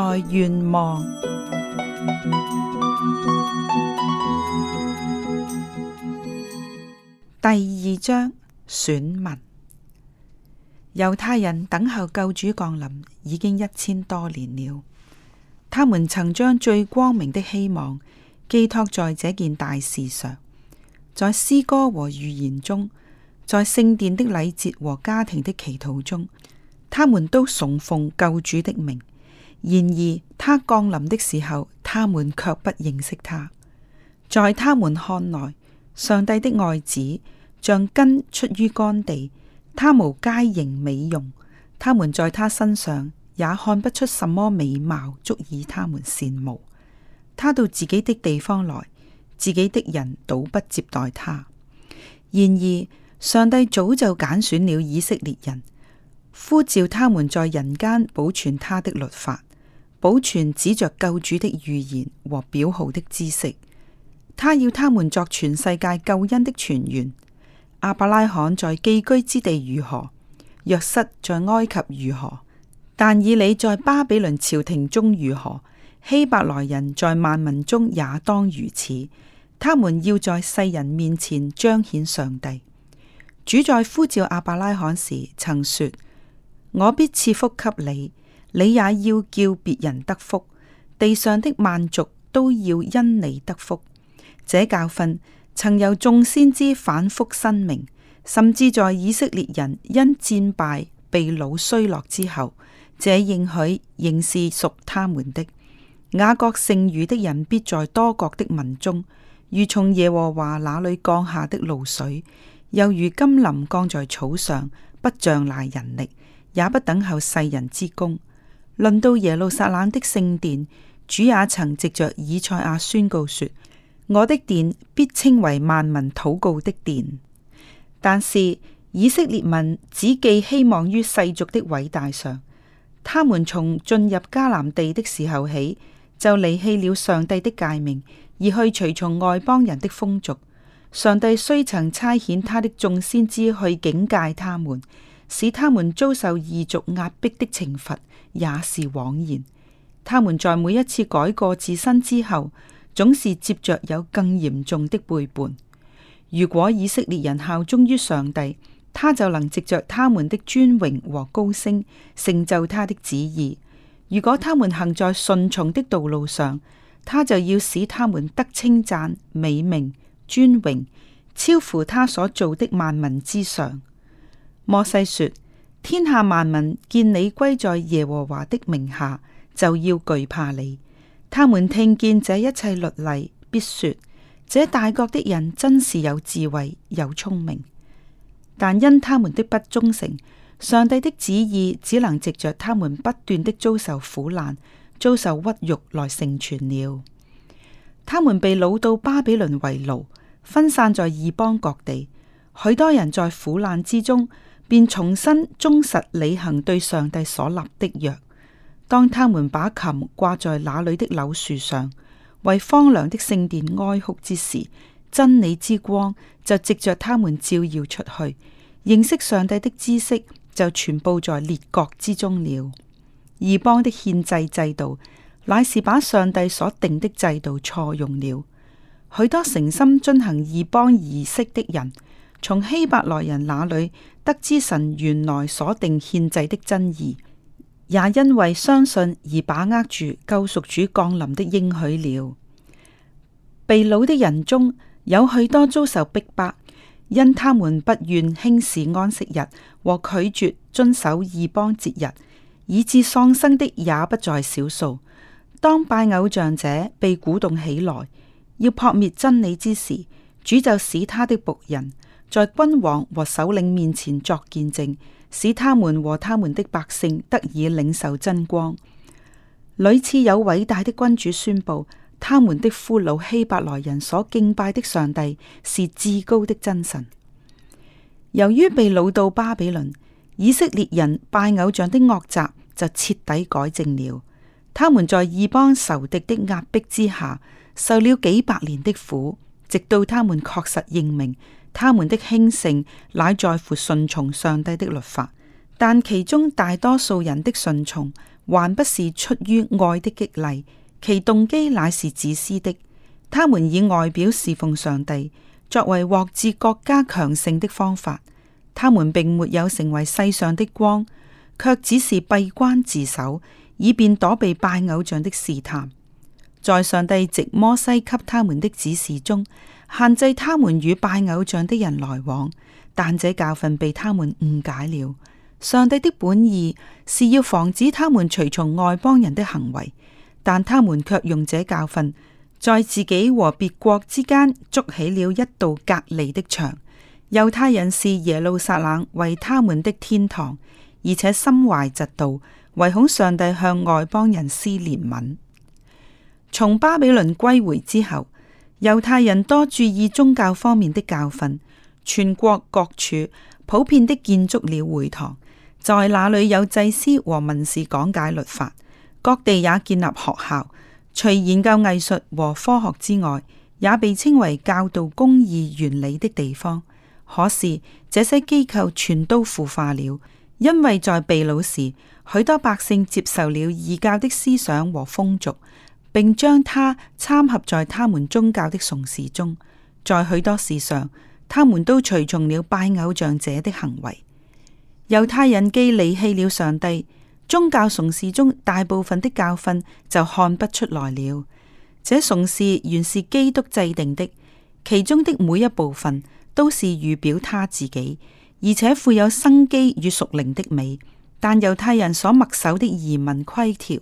在願望第二章選民：猶太人等候救主降臨已經一千多年了。他們曾將最光明的希望寄託在這件大事上，在詩歌和預言中，在聖殿的禮節和家庭的祈禱中，他們都崇奉救主的名。然而他降臨的時候，他們卻不認識他。在他們看來，上帝的愛子像根出於乾地，他無佳形美容。他們在他身上也看不出什麼美貌足以他們羨慕。他到自己的地方來，自己的人倒不接待他。然而上帝早就揀選了以色列人，呼召他們在人間保存他的律法。保存指着救主的預言和表號的知識，他要他們作全世界救恩的傳員。亞伯拉罕在寄居之地如何，約瑟在埃及如何，但以理在巴比倫朝廷中如何，希伯來人在萬民中也當如此。他們要在世人面前彰顯上帝。主在呼召亞伯拉罕時曾說：我必賜福給你。你也要叫別人得福，地上的萬族都要因你得福。這教訓曾由眾先知反覆申明，甚至在以色列人因戰敗被擄衰落之後，這應許仍是屬他們的。雅各剩餘的人必在多國的民中，如從耶和華那裏降下的露水，又如甘霖降在草上，不仗賴人力，也不等候世人之功。論到耶路撒冷的聖殿，主也曾藉着以賽亞宣告說：我的殿必稱為萬民禱告的殿。但是以色列民只寄希望於世俗的偉大上，他們從進入迦南地的時候起，就離棄了上帝的誡命，而去隨從外邦人的風俗。上帝雖曾差遣他的眾先知去警戒他們。使他們遭受異族壓迫的懲罰也是枉然。他們在每一次改過自新之後，總是接着有更嚴重的背叛。如果以色列人效忠於上帝，他就能藉着他們的尊榮和高升成就他的旨意。如果他們行在順從的道路上，他就要使他們得稱讚、美名、尊榮，超乎他所造的萬民之上。摩西說：天下萬民見你歸在耶和華的名下，就要懼怕你。他們聽見這一切律例，必說：這大國的人真是有智慧、有聰明。但因他們的不忠誠，上帝的旨意只能藉着他們不斷的遭受苦難、遭受屈辱來成全了。他們被擄到巴比倫為奴，分散在異邦各地，許多人在苦難之中。便重新忠實履行對上帝所立的約。當他們把琴掛在那裏的柳樹上，為荒涼的聖殿哀哭之時，真理之光就藉着他們照耀出去，認識上帝的知識就傳播在列國之中了。異邦的獻祭制度，乃是把上帝所定的制度錯用了。許多誠心遵行異邦儀式的人。從希伯來人那裏得知神原來所定獻祭的真義，也因為相信而把握住救贖主降臨的應許了。被擄的人中有許多遭受逼迫，因他們不願輕視安息日或拒絕遵守異邦節日，以致喪生的也不在少數。當拜偶像者被鼓動起來要撲滅真理之時，主就使他的僕人。在君王和首領面前作見證，使他們和他們的百姓得以領受真光。屢次有偉大的君主宣布，他們的俘虜希伯來人所敬拜的上帝是至高的真神。由於被擄到巴比倫，以色列人拜偶像的惡習就徹底改正了。他們在異邦仇敵的壓迫之下，受了幾百年的苦，直到他們確實認明。他們的興盛乃在乎順從上帝的律法，但其中大多數人的順從還不是出於愛的激勵，其動機乃是自私的。他們以外表侍奉上帝作為獲至國家強盛的方法，他們並沒有成為世上的光，卻只是閉關自守，以便躲避拜偶像的試探。在上帝藉摩西給他們的指示中。限制他們與拜偶像的人來往，但這教訓被他們誤解了。上帝的本意是要防止他們隨從外邦人的行為，但他們卻用這教訓在自己和別國之間築起了一道隔離的牆。猶太人視耶路撒冷為他們的天堂，而且心懷嫉妒，唯恐上帝向外邦人施憐憫。從巴比倫歸回,回之後。猶太人多注意宗教方面的教訓，全國各處普遍的建築了會堂，在那裏有祭司和文士講解律法。各地也建立學校，除研究藝術和科學之外，也被稱為教導公義原理的地方。可是這些機構全都腐化了，因為在被擄時，許多百姓接受了異教的思想和風俗。並將他參合在他們宗教的崇事中，在許多事上，他們都隨從了拜偶像者的行為。猶太人既離棄了上帝，宗教崇事中大部分的教訓就看不出來了。這崇事原是基督制定的，其中的每一部分都是預表他自己，而且富有生機與屬靈的美。但猶太人所墨守的移民規條，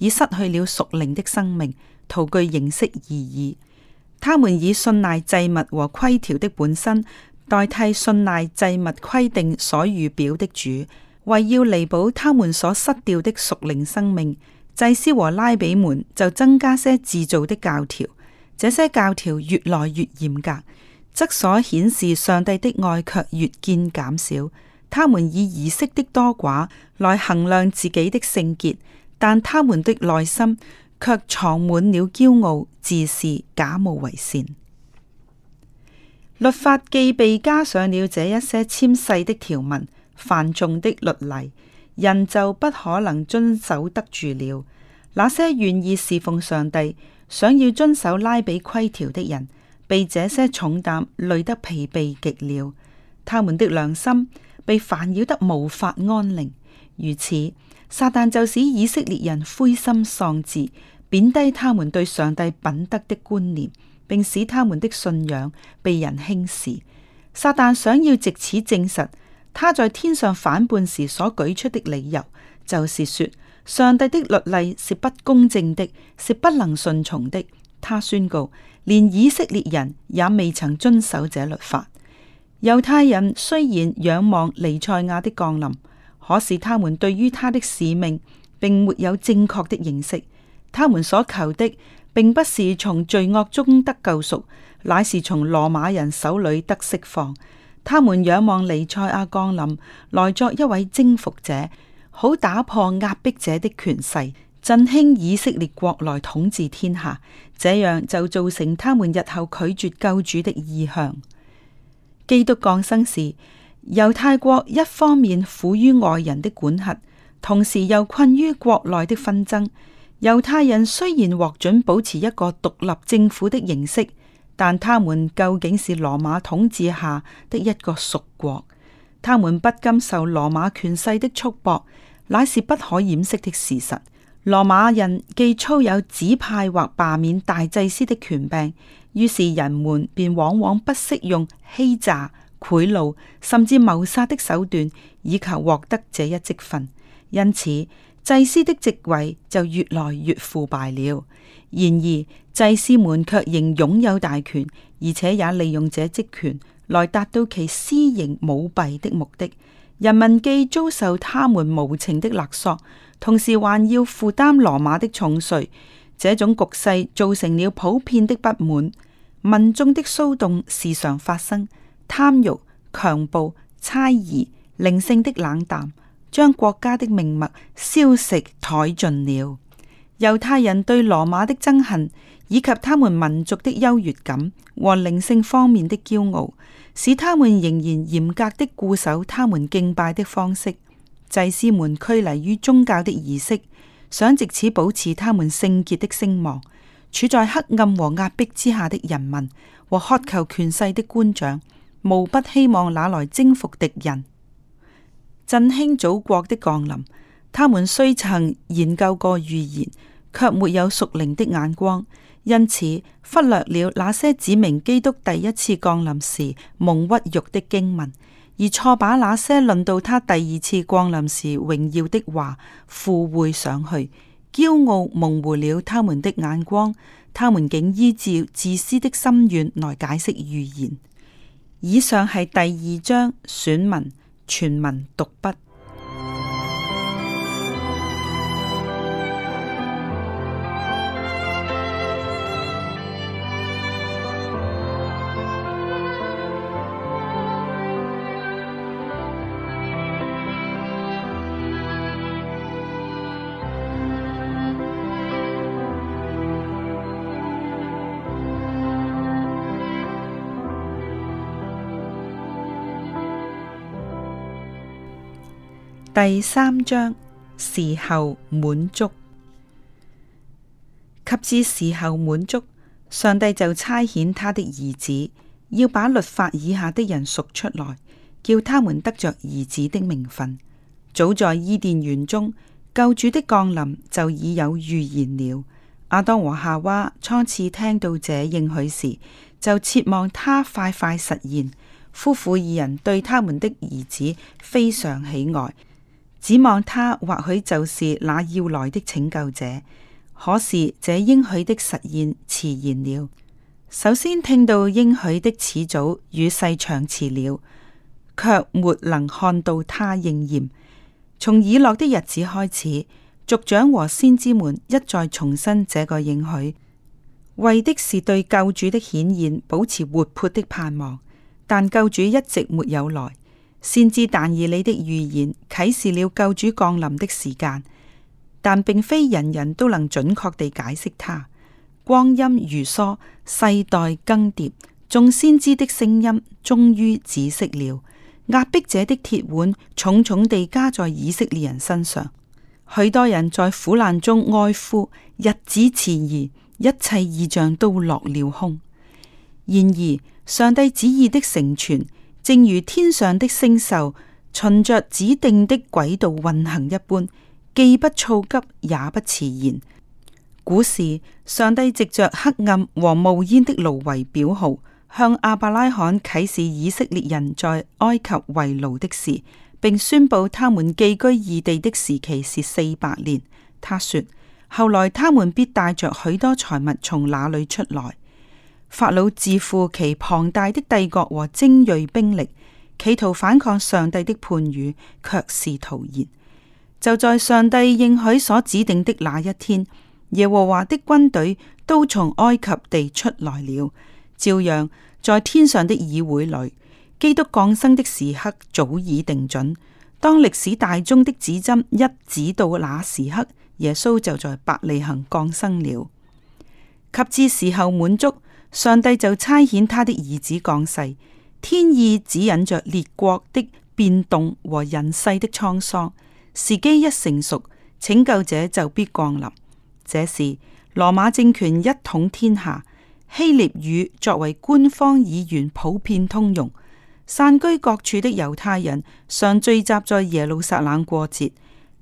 已失去了屬靈的生命，徒具形式而已。他們以信賴祭物和規條的本身，代替信賴祭物規定所預表的主，為要彌補他們所失掉的屬靈生命。祭司和拉比們就增加些自造的教條，這些教條越來越嚴格，則所顯示上帝的愛卻越見減少。他們以儀式的多寡來衡量自己的聖潔。但他們的內心卻藏滿了驕傲、自視、假冒為善。律法既被加上了這一些纖細的條文、繁重的律例，人就不可能遵守得住了。那些願意侍奉上帝、想要遵守拉比規條的人，被這些重擔累得疲憊極了，他們的良心被煩擾得無法安寧。如此。撒旦就使以色列人灰心喪志，貶低他們對上帝品德的觀念，並使他們的信仰被人輕視。撒旦想要借此證實他在天上反叛時所舉出的理由，就是說上帝的律例是不公正的，是不能順從的。他宣告，連以色列人也未曾遵守這律法。猶太人雖然仰望彌賽亞的降臨。可是他們對於他的使命並沒有正確的認識，他們所求的並不是從罪惡中得救贖，乃是從羅馬人手裏得釋放。他們仰望尼賽亞降臨，來作一位征服者，好打破壓迫者的權勢，振興以色列國來統治天下。這樣就造成他們日後拒絕救主的意向。基督降生時，猶太國一方面苦於外人的管轄，同時又困於國內的紛爭。猶太人雖然獲准保持一個獨立政府的形式，但他們究竟是羅馬統治下的一個屬國，他們不甘受羅馬權勢的束縛，乃是不可掩飾的事實。羅馬人既操有指派或罷免大祭司的權柄，於是人們便往往不惜用欺詐。賄賂甚至謀殺的手段，以求獲得這一職分。因此，祭司的職位就越來越腐敗了。然而，祭司們却仍擁有大權，而且也利用這職權來達到其私營舞弊的目的。人民既遭受他們無情的勒索，同時還要負擔羅馬的重稅。這種局勢造成了普遍的不滿，民眾的騷動時常發生。貪欲、強暴、猜疑、靈性的冷淡，將國家的命脈消失殆盡了。猶太人對羅馬的憎恨，以及他們民族的優越感和靈性方面的驕傲，使他們仍然嚴格的固守他們敬拜的方式。祭司們拘泥於宗教的儀式，想借此保持他們聖潔的聲望。處在黑暗和壓迫之下的人民和渴求權勢的官長。無不希望那來征服敵人、振興祖國的降臨。他們雖曾研究過預言，卻沒有熟靈的眼光，因此忽略了那些指明基督第一次降臨時蒙屈辱的經文，而錯把那些論到他第二次降臨時榮耀的話附會上去，驕傲蒙回了他們的眼光。他們竟依照自私的心願來解釋預言。以上係第二章選文全文讀畢。第三章，時候滿足，及至時候滿足，上帝就差遣他的兒子，要把律法以下的人贖出來，叫他們得着兒子的名分。早在伊甸園中，救主的降臨就已有預言了。亞當和夏娃初次聽到這應許時，就切望他快快實現。夫婦二人對他們的兒子非常喜愛。指望他或許就是那要來的拯救者，可是這應許的實現遲延了。首先聽到應許的始祖與世長辭了，卻沒能看到他應驗。從以諾的日子開始，族長和先知們一再重申這個應許，為的是對救主的顯現保持活潑的盼望，但救主一直沒有來。先知但以利的預言啟示了救主降臨的時間，但並非人人都能準確地解釋它。光陰如梭，世代更迭，眾先知的聲音終於止息了。壓迫者的鐵腕重重地加在以色列人身上，許多人在苦難中哀呼，日子遲延，一切異象都落了空。然而，上帝旨意的成全。正如天上的星宿循着指定的軌道運行一般，既不躁急，也不遲延。古時，上帝藉着黑暗和冒煙的爐為表號，向亞伯拉罕啟示以色列人在埃及為奴的事，並宣布他們寄居異地的時期是四百年。他說：後來他們必帶着許多財物從那裏出來。法老自負其龐大的帝國和精銳兵力，企圖反抗上帝的判語，卻是徒然。就在上帝應許所指定的那一天，耶和華的軍隊都從埃及地出來了。照樣，在天上的議會裏，基督降生的時刻早已定準。當歷史大鐘的指針一指到那時刻，耶穌就在伯利恆降生了，及至時候滿足。上帝就差遣他的兒子降世，天意指引着列國的變動和人世的滄桑。時機一成熟，拯救者就必降臨。這時，羅馬政權一統天下，希臘語作為官方語言普遍通用。散居各處的猶太人常聚集在耶路撒冷過節，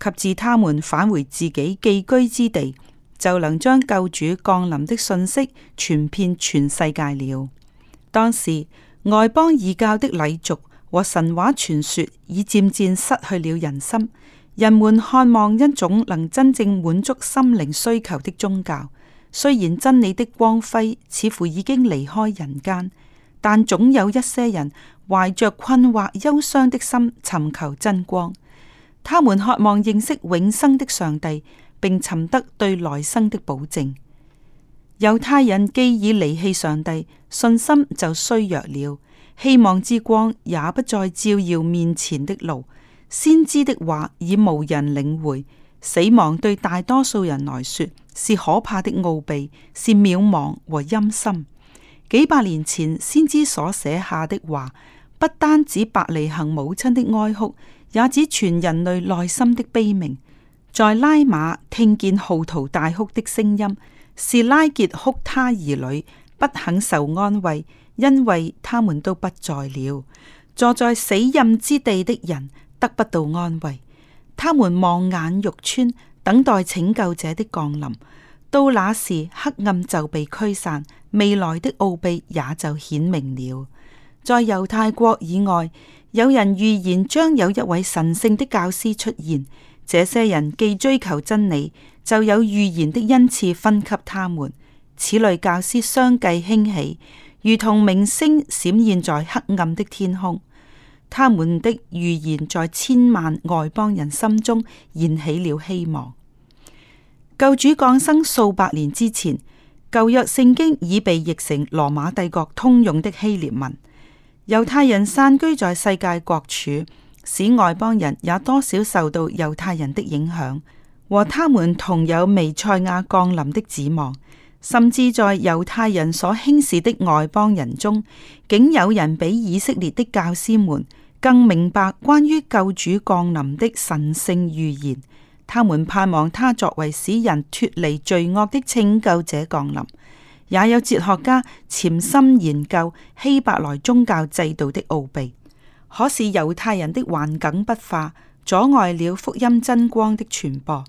及至他們返回自己寄居之地。就能將救主降臨的信息傳遍全世界了。當時外邦異教的禮俗和神話傳說已漸漸失去了人心，人們渴望一種能真正滿足心靈需求的宗教。雖然真理的光輝似乎已經離開人間，但總有一些人懷着困惑、憂傷的心尋求真光。他們渴望認識永生的上帝。並尋得對來生的保證。猶太人既已離棄上帝，信心就衰弱了，希望之光也不再照耀面前的路。先知的話已無人領會。死亡對大多數人來說是可怕的奧秘，是渺茫和陰森。幾百年前先知所寫下的話，不單指伯利恆母親的哀哭，也指全人類內心的悲鳴。在拉馬聽見號啕大哭的聲音，是拉杰哭他兒女不肯受安慰，因為他們都不在了。坐在死蔭之地的人得不到安慰，他們望眼欲穿，等待拯救者的降臨。到那時，黑暗就被驅散，未來的奧秘也就顯明了。在猶太國以外，有人預言將有一位神聖的教師出現。這些人既追求真理，就有預言的恩賜分給他們。此類教師相繼興起，如同明星閃現在黑暗的天空。他們的預言在千萬外邦人心中燃起了希望。救主降生數百年之前，舊約聖經已被譯成羅馬帝國通用的希臘文，猶太人散居在世界各處。使外邦人也多少受到猶太人的影響，和他們同有彌賽亞降臨的指望。甚至在猶太人所輕視的外邦人中，竟有人比以色列的教師們更明白關於救主降臨的神聖預言。他們盼望他作為使人脫離罪惡的拯救者降臨。也有哲學家潛心研究希伯來宗教制度的奧秘。可是猶太人的環境不化，阻礙了福音真光的傳播。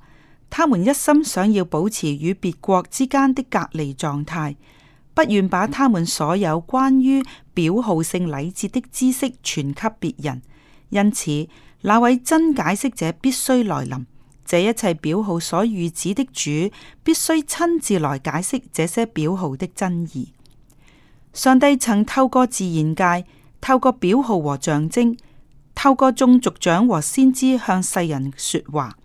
他們一心想要保持與別國之間的隔離狀態，不願把他們所有關於表號性禮節的知識傳給別人。因此，那位真解釋者必須來臨。這一切表號所預指的主必須親自來解釋這些表號的真義。上帝曾透過自然界。透過表號和象徵，透過眾族長和先知向世人說話，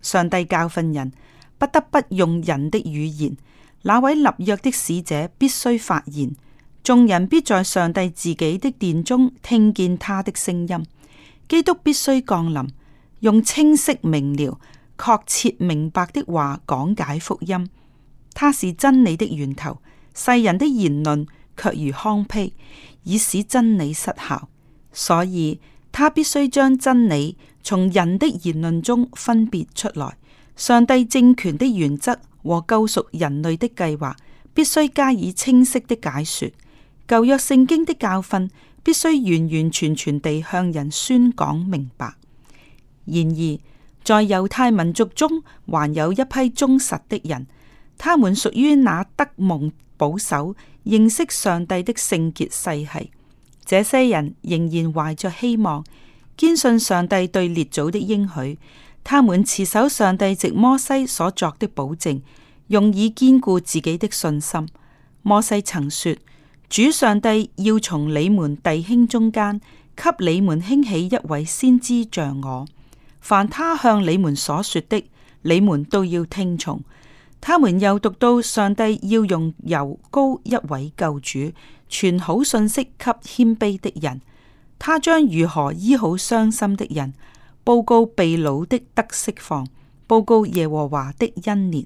上帝教訓人，不得不用人的語言。那位立約的使者必須發言，眾人必在上帝自己的殿中聽見他的聲音。基督必須降臨，用清晰明了、確切明白的話講解福音。他是真理的源頭，世人的言論卻如糠秕。以使真理失效，所以他必須將真理從人的言論中分別出來。上帝政權的原則和救贖人類的計劃，必須加以清晰的解說。舊約聖經的教訓，必須完完全全地向人宣講明白。然而，在猶太民族中，還有一批忠實的人，他們屬於那德蒙。保守認識上帝的聖潔世系，這些人仍然懷着希望，堅信上帝對列祖的應許。他們持守上帝藉摩西所作的保證，用以堅固自己的信心。摩西曾說：主上帝要從你們弟兄中間給你們興起一位先知像我，凡他向你們所說的，你們都要聽從。他們又讀到上帝要用油膏一位救主傳好信息給謙卑的人，他將如何醫好傷心的人，報告被擄的得釋放，報告耶和華的恩年。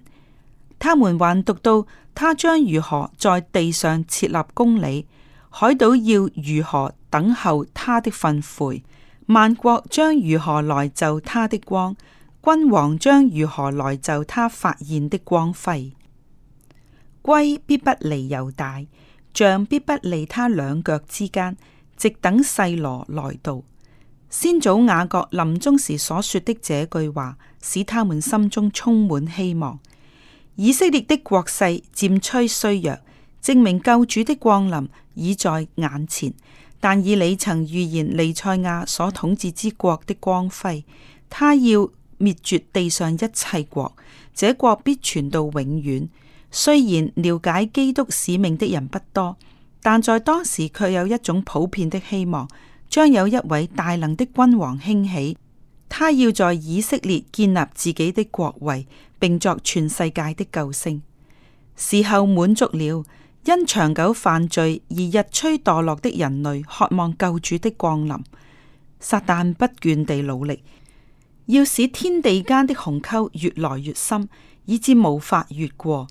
他們還讀到他將如何在地上設立公理，海島要如何等候他的訓誨，萬國將如何來就他的光。君王將如何來就他發現的光輝？龜必不離猶大，象必不離他兩腳之間，直等細羅來到。先祖雅各臨終時所說的這句話，使他們心中充滿希望。以色列的國勢漸趨衰弱，證明救主的降臨已在眼前。但以你曾預言利賽亞所統治之國的光輝，他要。滅絕地上一切國，這國必存到永遠。雖然了解基督使命的人不多，但在當時卻有一種普遍的希望，將有一位大能的君王興起，他要在以色列建立自己的國位，並作全世界的救星。時候滿足了因長久犯罪而日趨墮落的人類渴望救主的降臨。撒旦不倦地努力。要使天地間的鴻溝越來越深，以至無法越過。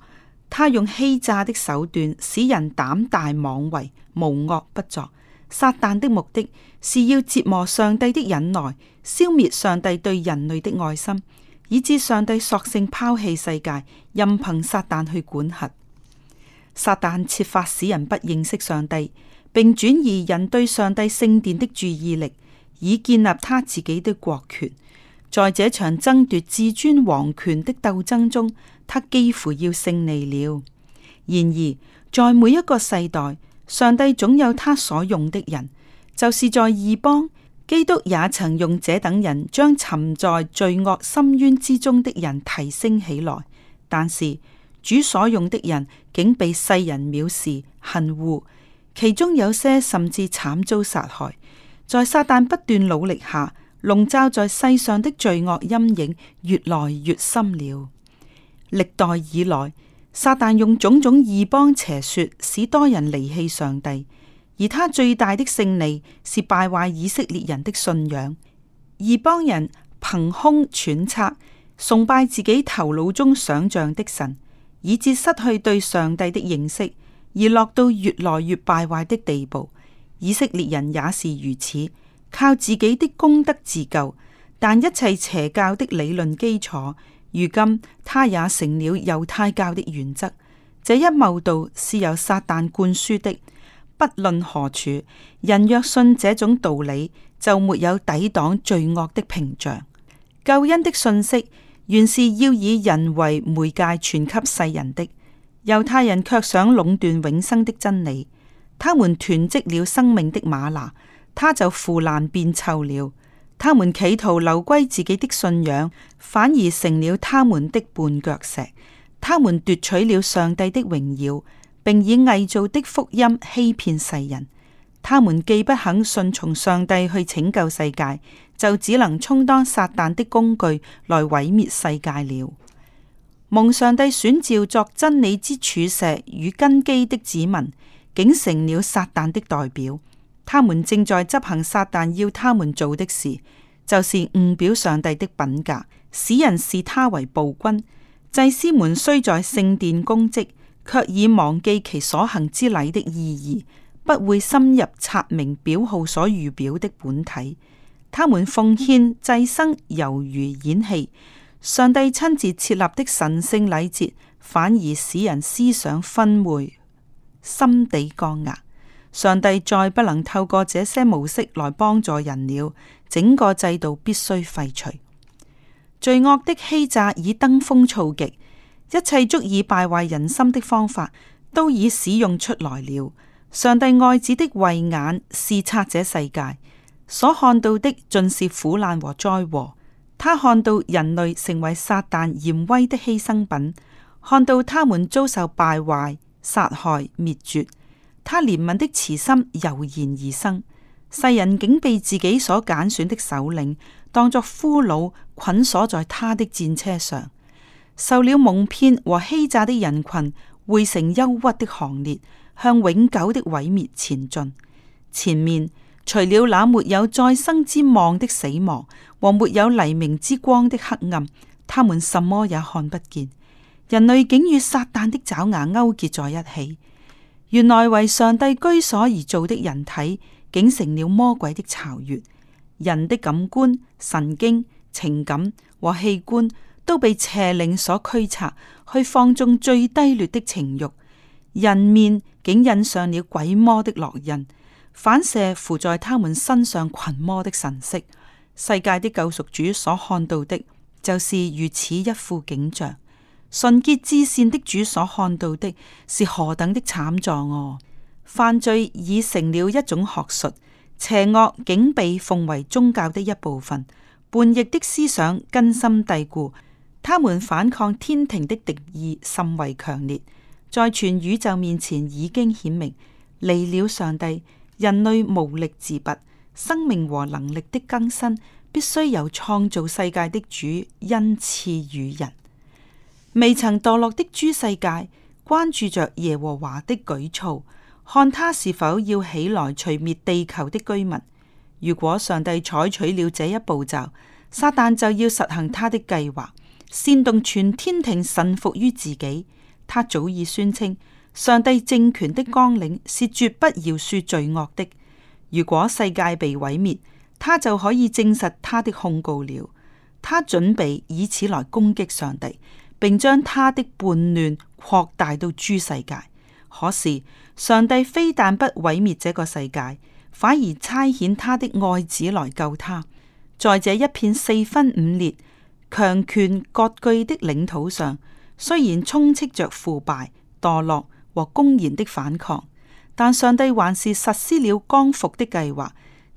他用欺詐的手段使人膽大妄為，無惡不作。撒旦的目的是要折磨上帝的忍耐，消滅上帝對人類的愛心，以致上帝索性拋棄世界，任憑撒旦去管轄。撒旦設法使人不認識上帝，並轉移人對上帝聖殿的注意力，以建立他自己的國權。在這場爭奪至尊皇權的鬥爭中，他幾乎要勝利了。然而，在每一個世代，上帝總有他所用的人。就是在異邦，基督也曾用這等人將沉在罪惡深淵之中的人提升起來。但是，主所用的人竟被世人藐視、恨惡，其中有些甚至慘遭殺害。在撒旦不斷努力下，籠罩在世上的罪惡陰影越來越深了。歷代以來，撒旦用種種異邦邪說，使多人離棄上帝；而他最大的勝利是敗壞以色列人的信仰。異邦人憑空揣測，崇拜自己頭腦中想象的神，以致失去對上帝的認識，而落到越來越敗壞的地步。以色列人也是如此。靠自己的功德自救，但一切邪教的理論基礎，如今他也成了猶太教的原則。這一謬道是由撒旦灌輸的，不論何處，人若信這種道理，就沒有抵擋罪惡的屏障。救恩的信息原是要以人為媒介傳給世人的，猶太人卻想壟斷永生的真理，他們囤積了生命的瑪娜。他就腐爛變臭了。他們企圖留歸自己的信仰，反而成了他們的絆腳石。他們奪取了上帝的榮耀，並以偽造的福音欺騙世人。他們既不肯順從上帝去拯救世界，就只能充當撒但的工具來毀滅世界了。蒙上帝選召作真理之柱石與根基的子民，竟成了撒但的代表。他們正在執行撒旦要他們做的事，就是誤表上帝的品格，使人視他為暴君。祭司們雖在聖殿供職，卻已忘記其所行之禮的意義，不會深入查明表號所預表的本體。他們奉獻祭生，猶如演戲。上帝親自設立的神聖禮節，反而使人思想昏昧，心地剛硬。上帝再不能透過這些模式來幫助人了，整個制度必須廢除。罪惡的欺詐已登峰造極，一切足以敗壞人心的方法都已使用出來了。上帝愛子的慧眼視察這世界，所看到的盡是苦難和災禍。他看到人類成為撒但淫威的犧牲品，看到他們遭受敗壞、殺害、滅絕。他憐憫的慈心油然而生，世人竟被自己所揀選的首領當作俘虜，捆鎖在他的戰車上，受了蒙騙和欺詐的人群匯成憂鬱的行列，向永久的毀滅前進。前面除了那沒有再生之望的死亡和沒有黎明之光的黑暗，他們什麼也看不見。人類竟與撒旦的爪牙勾結在一起。原來為上帝居所而造的人體，竟成了魔鬼的巢穴。人的感官、神經、情感和器官都被邪靈所驅策，去放縱最低劣的情慾。人面竟印上了鬼魔的烙印，反射附在他們身上群魔的神色。世界的救贖主所看到的，就是如此一副景象。純潔至善的主所看到的是何等的慘狀哦、啊！犯罪已成了一種學術，邪惡竟被奉為宗教的一部分，叛逆的思想根深蒂固，他們反抗天庭的敵意甚為強烈，在全宇宙面前已經顯明，離了上帝，人類無力自拔，生命和能力的更新必須由創造世界的主恩賜予人。未曾墮落的諸世界關注着耶和華的舉措，看他是否要起來除滅地球的居民。如果上帝採取了這一步驟，撒旦就要實行他的計劃，煽動全天庭順服於自己。他早已宣稱，上帝政權的綱領是絕不饒恕罪惡的。如果世界被毀滅，他就可以證實他的控告了。他準備以此來攻擊上帝。並將他的叛亂擴大到諸世界。可是上帝非但不毀滅這個世界，反而差遣他的愛子來救他。在這一片四分五裂、強權割據的領土上，雖然充斥着腐敗、墮落和公然的反抗，但上帝還是實施了光復的計劃。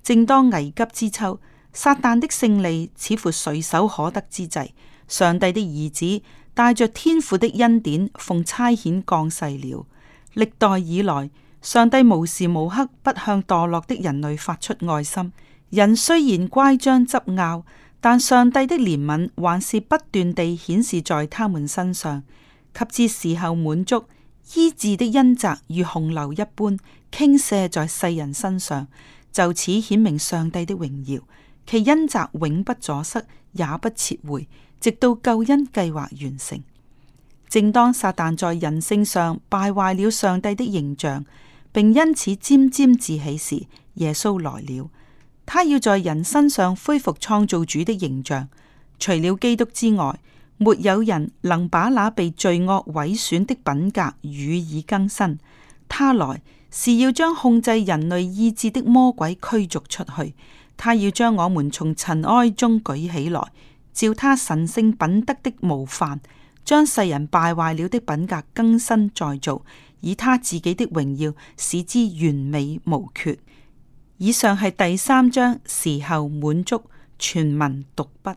正當危急之秋，撒旦的勝利似乎隨手可得之際，上帝的兒子。帶着天父的恩典，奉差遣降世了。歷代以來，上帝無時無刻不向墮落的人類發出愛心。人雖然乖張執拗，但上帝的憐憫還是不斷地顯示在他們身上，及至時候滿足，醫治的恩澤如洪流一般傾瀉在世人身上，就此顯明上帝的榮耀，其恩澤永不阻塞。也不撤回，直到救恩計劃完成。正當撒旦在人性上敗壞了上帝的形象，並因此沾沾自喜時，耶穌來了。他要在人身上恢復創造主的形象。除了基督之外，沒有人能把那被罪惡毀損的品格予以更新。他來，是要將控制人類意志的魔鬼驅逐出去。他要將我們從塵埃中舉起來，照他神聖品德的模範，將世人敗壞了的品格更新再造，以他自己的榮耀使之完美無缺。以上係第三章時候滿足，全民讀畢。